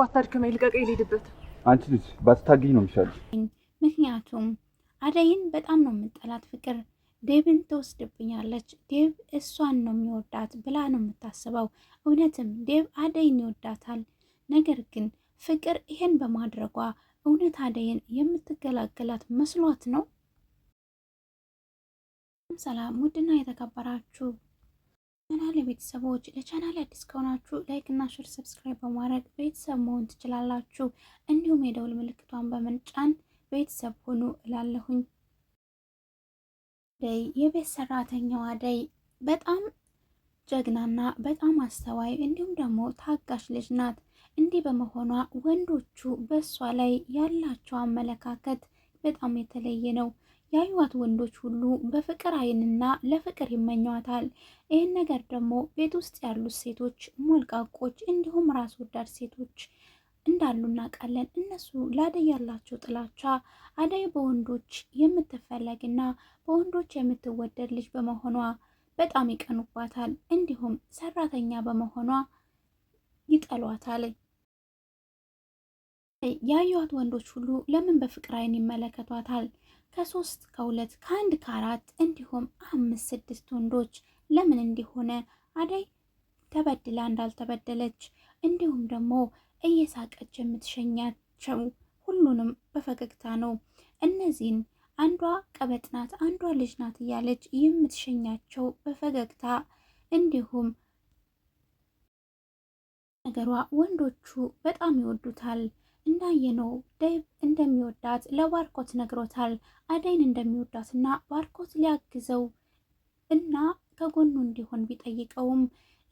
ባታድክመኝ ልቀቀኝ፣ ልሄድበት። አንቺ ልጅ ባትታገኝ ነው የሚሻለው። ምክንያቱም አደይን በጣም ነው የምጠላት ፍቅር ዴቭን ትወስድብኛለች፣ ዴቭ እሷን ነው የሚወዳት ብላ ነው የምታስበው። እውነትም ዴቭ አደይን ይወዳታል። ነገር ግን ፍቅር ይሄን በማድረጓ እውነት አደይን የምትገላገላት መስሏት ነው። ሰላም ውድና የተከበራችሁ ቻናል ቤተሰቦች ለቻናል አዲስ ከሆናችሁ ላይክ እና ሽር ሰብስክራይብ በማድረግ ቤተሰብ መሆን ትችላላችሁ። እንዲሁም የደውል ምልክቷን በመንጫን ቤተሰብ ሁኑ እላለሁኝ። አደይ የቤት ሰራተኛዋ አደይ በጣም ጀግናና በጣም አስተዋይ እንዲሁም ደግሞ ታጋሽ ልጅ ናት። እንዲህ በመሆኗ ወንዶቹ በእሷ ላይ ያላቸው አመለካከት በጣም የተለየ ነው። ያዩዋት ወንዶች ሁሉ በፍቅር አይንና ለፍቅር ይመኟታል። ይህን ነገር ደግሞ ቤት ውስጥ ያሉት ሴቶች ሞልቃቆች፣ እንዲሁም ራስ ወዳድ ሴቶች እንዳሉ እናውቃለን። እነሱ ለአደይ ያላቸው ጥላቻ አደይ በወንዶች የምትፈለግና በወንዶች የምትወደድ ልጅ በመሆኗ በጣም ይቀኑባታል። እንዲሁም ሰራተኛ በመሆኗ ይጠሏታል። ያዩዋት ወንዶች ሁሉ ለምን በፍቅር አይን ይመለከቷታል? ከሶስት ከሁለት ከአንድ ከአራት እንዲሁም አምስት ስድስት ወንዶች ለምን እንዲሆነ አደይ ተበድላ እንዳልተበደለች እንዲሁም ደግሞ እየሳቀች የምትሸኛቸው ሁሉንም በፈገግታ ነው። እነዚህን አንዷ ቀበጥ ናት፣ አንዷ ልጅ ናት እያለች የምትሸኛቸው በፈገግታ እንዲሁም ነገሯ ወንዶቹ በጣም ይወዱታል። እንዳየነው ዴቭ እንደሚወዳት ለባርኮት ነግሮታል። አደይን እንደሚወዳትና ባርኮት ሊያግዘው እና ከጎኑ እንዲሆን ቢጠይቀውም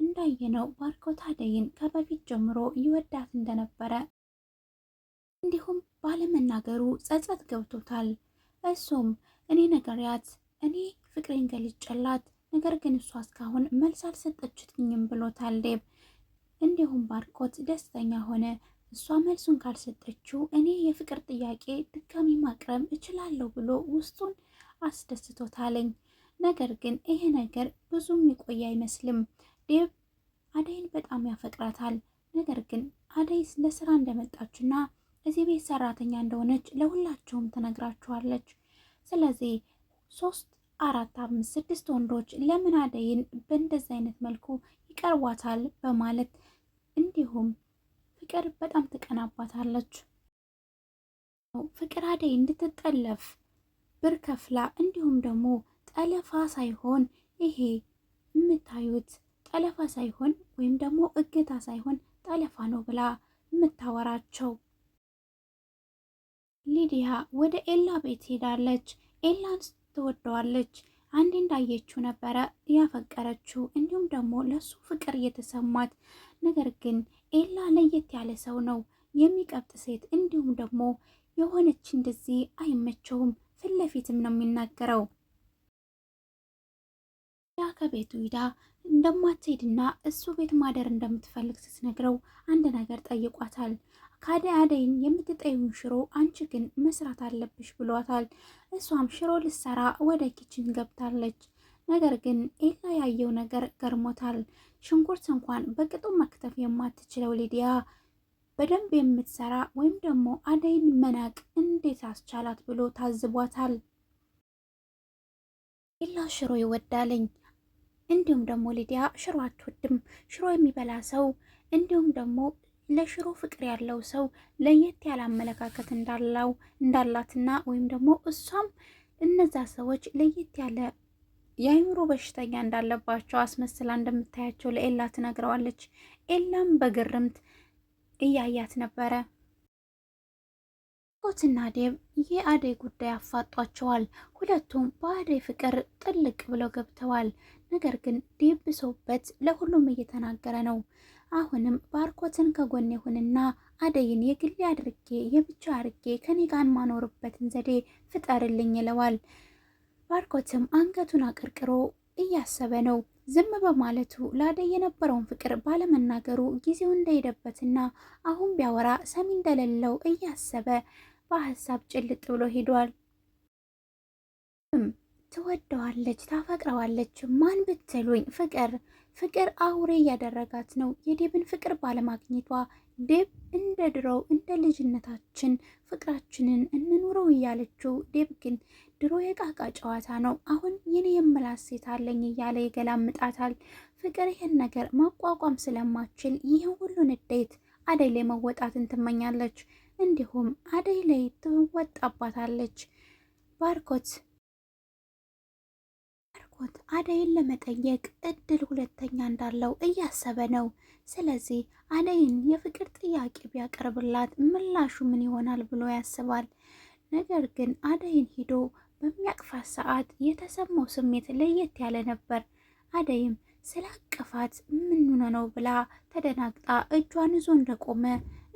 እንዳየነው ባርኮት አደይን ከበፊት ጀምሮ ይወዳት እንደነበረ እንዲሁም ባለመናገሩ ጸጸት ገብቶታል። እሱም እኔ ነገርያት እኔ ፍቅሬን ገልጨላት ነገር ግን እሷ እስካሁን መልስ አልሰጠችትኝም ብሎታል ዴቭ። እንዲሁም ባርኮት ደስተኛ ሆነ። እሷ መልሱን ካልሰጠችው እኔ የፍቅር ጥያቄ ድጋሚ ማቅረብ እችላለሁ ብሎ ውስጡን አስደስቶታለኝ። ነገር ግን ይሄ ነገር ብዙም ይቆይ አይመስልም። ዴብ አደይን በጣም ያፈቅራታል። ነገር ግን አደይ ለስራ እንደመጣችና እዚህ ቤት ሰራተኛ እንደሆነች ለሁላቸውም ትነግራችኋለች። ስለዚህ ሶስት፣ አራት፣ አምስት፣ ስድስት ወንዶች ለምን አደይን በእንደዚህ አይነት መልኩ ይቀርቧታል በማለት እንዲሁም ፍቅር በጣም ትቀናባታለች። ፍቅር አደይ እንድትጠለፍ ብር ከፍላ እንዲሁም ደግሞ ጠለፋ ሳይሆን ይሄ የምታዩት ጠለፋ ሳይሆን ወይም ደግሞ እገታ ሳይሆን ጠለፋ ነው ብላ የምታወራቸው ሊዲያ ወደ ኤላ ቤት ሄዳለች። ኤላን ትወደዋለች። አንዴ እንዳየችው ነበረ ያፈቀረችው እንዲሁም ደግሞ ለሱ ፍቅር የተሰማት ነገር ግን ኤላ ለየት ያለ ሰው ነው የሚቀብጥ ሴት እንዲሁም ደግሞ የሆነች እንደዚህ አይመቸውም ፊት ለፊትም ነው የሚናገረው ያ ከቤቱ ሂዳ እንደማትሄድና እሱ ቤት ማደር እንደምትፈልግ ስትነግረው አንድ ነገር ጠይቋታል ካዲ አደይን የምትጠይውን ሽሮ አንቺ ግን መስራት አለብሽ ብሏታል። እሷም ሽሮ ልሰራ ወደ ኪችን ገብታለች። ነገር ግን ኤላ ያየው ነገር ገርሞታል። ሽንኩርት እንኳን በቅጡ መክተፍ የማትችለው ሊዲያ በደንብ የምትሰራ ወይም ደግሞ አደይን መናቅ እንዴት አስቻላት ብሎ ታዝቧታል። ኤላ ሽሮ ይወዳለኝ እንዲሁም ደግሞ ሊዲያ ሽሮ አትወድም። ሽሮ የሚበላ ሰው እንዲሁም ደግሞ ለሽሮ ፍቅር ያለው ሰው ለየት ያለ አመለካከት እንዳለው እንዳላትና ወይም ደግሞ እሷም እነዛ ሰዎች ለየት ያለ የአይምሮ በሽተኛ እንዳለባቸው አስመስላ እንደምታያቸው ለኤላ ትነግረዋለች። ኤላም በግርምት እያያት ነበረ። ትሁትና ዴብ የአደይ ጉዳይ አፋጧቸዋል። ሁለቱም በአደይ ፍቅር ጥልቅ ብለው ገብተዋል። ነገር ግን ዴብ ብሶበት ለሁሉም እየተናገረ ነው። አሁንም ባርኮትን ከጎን ይሁንና አደይን የግሌ አድርጌ የብቻ አድርጌ ከኔ ጋር ማኖርበትን ዘዴ ፍጠርልኝ ይለዋል። ባርኮትም አንገቱን አቀርቅሮ እያሰበ ነው። ዝም በማለቱ ለአደይ የነበረውን ፍቅር ባለመናገሩ ጊዜው እንደሄደበትና አሁን ቢያወራ ሰሚ እንደሌለው እያሰበ በሀሳብ ጭልጥ ብሎ ሄዷል። ትወደዋለች፣ ታፈቅረዋለች። ማን ብትሉኝ ፍቅር ፍቅር አውሬ እያደረጋት ነው። የዴብን ፍቅር ባለማግኘቷ ዴብ እንደ ድሮው እንደ ልጅነታችን ፍቅራችንን እንኑረው እያለችው፣ ዴብ ግን ድሮ የቃቃ ጨዋታ ነው፣ አሁን የኔ የምላት ሴት አለኝ እያለ ይገላምጣታል። ፍቅር ይህን ነገር ማቋቋም ስለማችል ይህን ሁሉ ንዴት አደይ ላይ መወጣትን ትመኛለች። እንዲሁም አደይ ላይ ትወጣባታለች። ባርኮት ናፍቆት አደይን ለመጠየቅ እድል ሁለተኛ እንዳለው እያሰበ ነው። ስለዚህ አደይን የፍቅር ጥያቄ ቢያቀርብላት ምላሹ ምን ይሆናል ብሎ ያስባል። ነገር ግን አደይን ሂዶ በሚያቅፋት ሰዓት የተሰማው ስሜት ለየት ያለ ነበር። አደይም ስላቀፋት ምን ሆነ ነው ብላ ተደናግጣ እጇን ይዞ እንደቆመ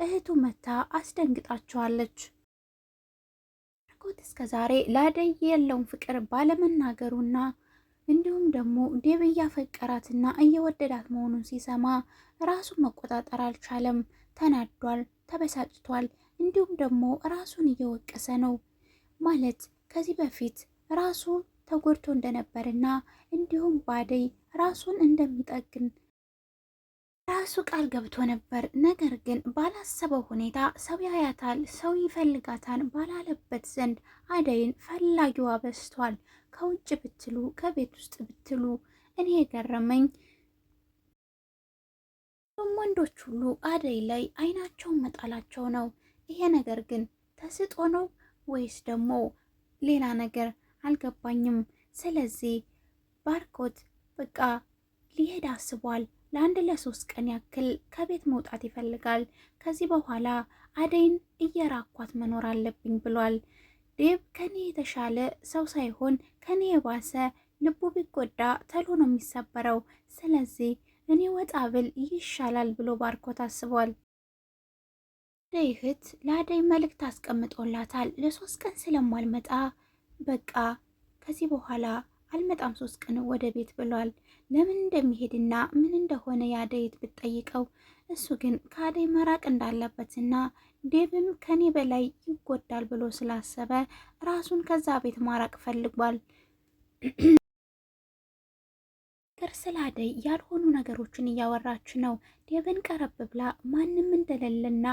እህቱ መታ አስደንግጣቸዋለች። ናርኮት እስከ ዛሬ ለአደይ ያለውን ፍቅር ባለመናገሩና እንዲሁም ደግሞ ዴብ እያፈቀራትና እየወደዳት መሆኑን ሲሰማ ራሱን መቆጣጠር አልቻለም። ተናዷል፣ ተበሳጭቷል። እንዲሁም ደግሞ ራሱን እየወቀሰ ነው። ማለት ከዚህ በፊት ራሱ ተጎድቶ እንደነበርና እንዲሁም ባደይ ራሱን እንደሚጠግን ራሱ ቃል ገብቶ ነበር። ነገር ግን ባላሰበው ሁኔታ ሰው ያያታል፣ ሰው ይፈልጋታል ባላለበት ዘንድ አደይን ፈላጊዋ በዝቷል። ከውጭ ብትሉ ከቤት ውስጥ ብትሉ እኔ የገረመኝ ሁሉም ወንዶች ሁሉ አደይ ላይ አይናቸውን መጣላቸው ነው። ይሄ ነገር ግን ተስጦ ነው ወይስ ደግሞ ሌላ ነገር አልገባኝም። ስለዚህ ባርኮት በቃ ሊሄድ አስቧል። ለአንድ ለሶስት ቀን ያክል ከቤት መውጣት ይፈልጋል። ከዚህ በኋላ አደይን እየራኳት መኖር አለብኝ ብሏል። ዴብ ከኔ የተሻለ ሰው ሳይሆን ከኔ የባሰ ልቡ ቢጎዳ ተሎ ነው የሚሰበረው። ስለዚህ እኔ ወጣ ብል ይሻላል ብሎ ባርኮት አስቧል። አደይ እህት ለአደይ መልእክት አስቀምጦላታል። ለሶስት ቀን ስለማልመጣ በቃ ከዚህ በኋላ አልመጣም ሶስት ቀን ወደ ቤት ብሏል። ለምን እንደሚሄድና ምን እንደሆነ የአደይት ብትጠይቀው እሱ ግን ከአደይ መራቅ እንዳለበትና ዴብም ከኔ በላይ ይጎዳል ብሎ ስላሰበ ራሱን ከዛ ቤት ማራቅ ፈልጓል። ሚስጥር ስላደይ ያልሆኑ ነገሮችን እያወራች ነው። ዴቭን ቀረብ ብላ ማንም እንደሌለና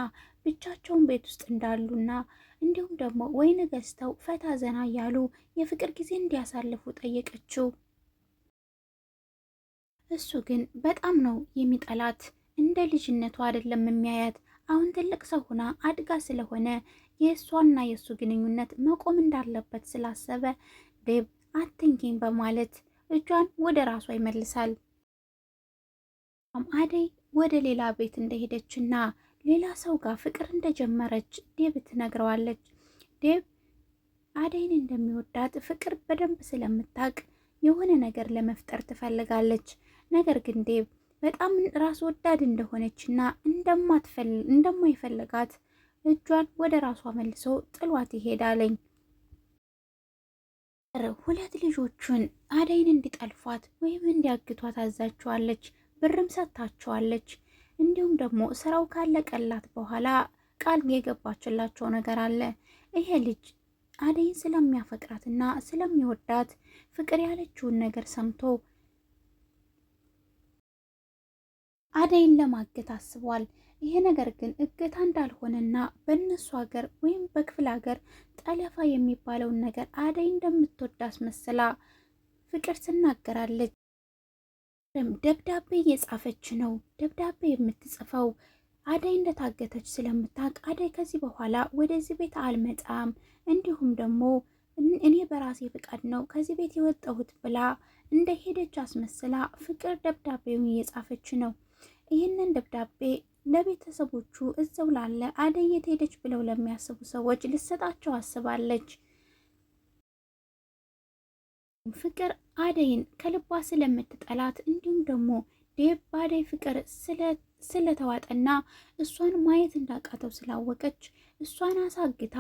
ብቻቸውን ቤት ውስጥ እንዳሉና እንዲሁም ደግሞ ወይን ገዝተው ፈታ ዘና እያሉ የፍቅር ጊዜ እንዲያሳልፉ ጠየቀችው። እሱ ግን በጣም ነው የሚጠላት። እንደ ልጅነቱ አይደለም የሚያያት። አሁን ትልቅ ሰው ሆና አድጋ ስለሆነ የእሷና የእሱ ግንኙነት መቆም እንዳለበት ስላሰበ ዴብ አትንኪኝ በማለት እጇን ወደ ራሷ ይመልሳል። አደይ ወደ ሌላ ቤት እንደሄደችና ሌላ ሰው ጋር ፍቅር እንደጀመረች ዴብ ትነግረዋለች። ዴብ አደይን እንደሚወዳት ፍቅር በደንብ ስለምታቅ የሆነ ነገር ለመፍጠር ትፈልጋለች። ነገር ግን ዴብ በጣም ራስ ወዳድ እንደሆነችና እንደማይፈልጋት እጇን ወደ ራሷ መልሶ ጥሏት ይሄዳለኝ። ሁለት ልጆቹን አደይን እንዲጠልፏት ወይም እንዲያግቷት አዛቸዋለች። ብርም ሰጥታቸዋለች። እንዲሁም ደግሞ ስራው ካለቀላት በኋላ ቃል የገባችላቸው ነገር አለ። ይሄ ልጅ አደይን ስለሚያፈቅራትና ስለሚወዳት ፍቅር ያለችውን ነገር ሰምቶ አደይን ለማገት አስቧል። ይሄ ነገር ግን እገታ እንዳልሆነና በእነሱ ሀገር ወይም በክፍለ ሀገር ጠለፋ የሚባለውን ነገር አደይ እንደምትወድ አስመስላ ፍቅር ትናገራለች። ደብዳቤ እየጻፈች ነው። ደብዳቤ የምትጽፈው አደይ እንደታገተች ስለምታውቅ አደይ ከዚህ በኋላ ወደዚህ ቤት አልመጣም፣ እንዲሁም ደግሞ እኔ በራሴ ፍቃድ ነው ከዚህ ቤት የወጣሁት ብላ እንደ ሄደች አስመስላ ፍቅር ደብዳቤውን እየጻፈች ነው። ይህንን ደብዳቤ ለቤተሰቦቹ እዛው ላለ አደይ የት ሄደች ብለው ለሚያስቡ ሰዎች ልሰጣቸው አስባለች። ፍቅር አደይን ከልቧ ስለምትጠላት እንዲሁም ደግሞ ዴብ በአደይ ፍቅር ስለተዋጠና እሷን ማየት እንዳቃተው ስላወቀች እሷን አሳግታ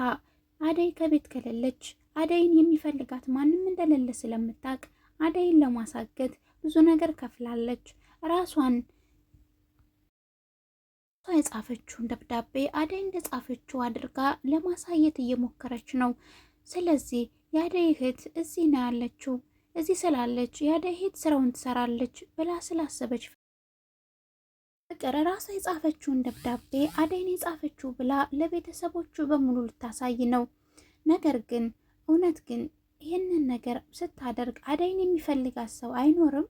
አደይ ከቤት ከሌለች አደይን የሚፈልጋት ማንም እንደሌለ ስለምታውቅ አደይን ለማሳገት ብዙ ነገር ከፍላለች ራሷን የጻፈችውን ደብዳቤ አደይ እንደጻፈችው አድርጋ ለማሳየት እየሞከረች ነው። ስለዚህ የአደይ እህት እዚህ ነው ያለችው፣ እዚህ ስላለች የአደይ እህት ስራውን ትሰራለች ብላ ስላሰበች ፍቅር ራሷ የጻፈችውን ደብዳቤ አደይን የጻፈችው ብላ ለቤተሰቦቹ በሙሉ ልታሳይ ነው። ነገር ግን እውነት ግን ይህንን ነገር ስታደርግ አደይን የሚፈልጋት ሰው አይኖርም።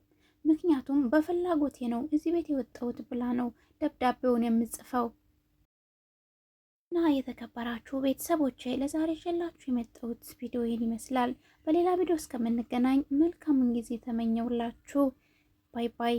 ምክንያቱም በፍላጎቴ ነው እዚህ ቤት የወጣሁት ብላ ነው ደብዳቤውን የምጽፈው። እና የተከበራችሁ ቤተሰቦቼ ለዛሬ ሸላችሁ የመጣሁት ቪዲዮ ይህን ይመስላል። በሌላ ቪዲዮ እስከምንገናኝ መልካሙን ጊዜ ተመኘውላችሁ። ባይ ባይ።